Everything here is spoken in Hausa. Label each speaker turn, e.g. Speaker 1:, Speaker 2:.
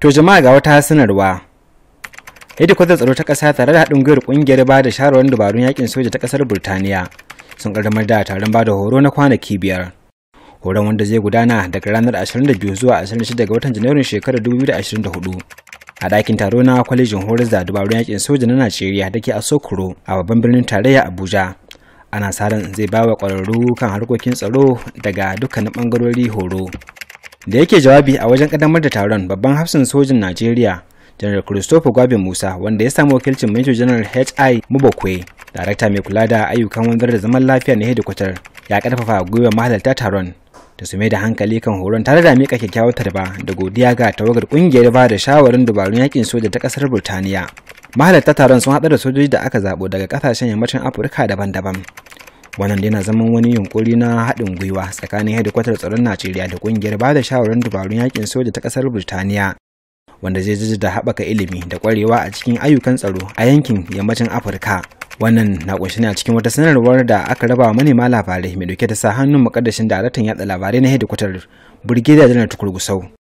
Speaker 1: To jama'a ga wata sanarwa. Hedikwatar tsaro ta ƙasa tare da haɗin gwiwar ƙungiyar ba da shawarwar dabarun yakin soja ta ƙasar Burtaniya sun ƙaddamar da taron ba da horo na kwanaki biyar. Horon wanda zai gudana daga ranar 22 zuwa 26 ga watan Janairun shekarar 2024 a ɗakin taro na kwalejin horar da dabarun yakin soja na Najeriya da ke a Sokoro a babban birnin tarayya Abuja. Ana sa ran zai ba wa ƙwararru kan harkokin tsaro daga dukkanin ɓangarori horo. da yake jawabi a wajen kadamar da taron babban hafsin sojin najeriya General christopher gwabin musa wanda ya samu wakilcin major general hi Mubokwe, darakta mai kula da ayyukan wanzar da zaman lafiya na hedikwatar ya karfafa gwiwa mahalarta taron da su mai da hankali kan horon tare da mika kyakkyawar tarba da godiya ga tawagar kungiyar ba da shawarin dabarun yakin soja ta kasar burtaniya mahalarta taron sun haɗa da sojoji da aka zaɓo daga ƙasashen yammacin afirka daban-daban wannan na zaman wani yunkuri na haɗin gwiwa tsakanin hedikwatar tsaron najeriya da kungiyar ba da shawarar dabarun yakin soja ta ƙasar birtaniya wanda zai da haɓaka ilimi da ƙwarewa a cikin ayyukan tsaro a yankin yammacin afirka wannan na kunshi ne a cikin wata sanarwar da aka raba wa manema labarai mai dauke da sa hannun mukaddashin daraktan yatsa labarai na hedikwatar birgida janar tukurgusau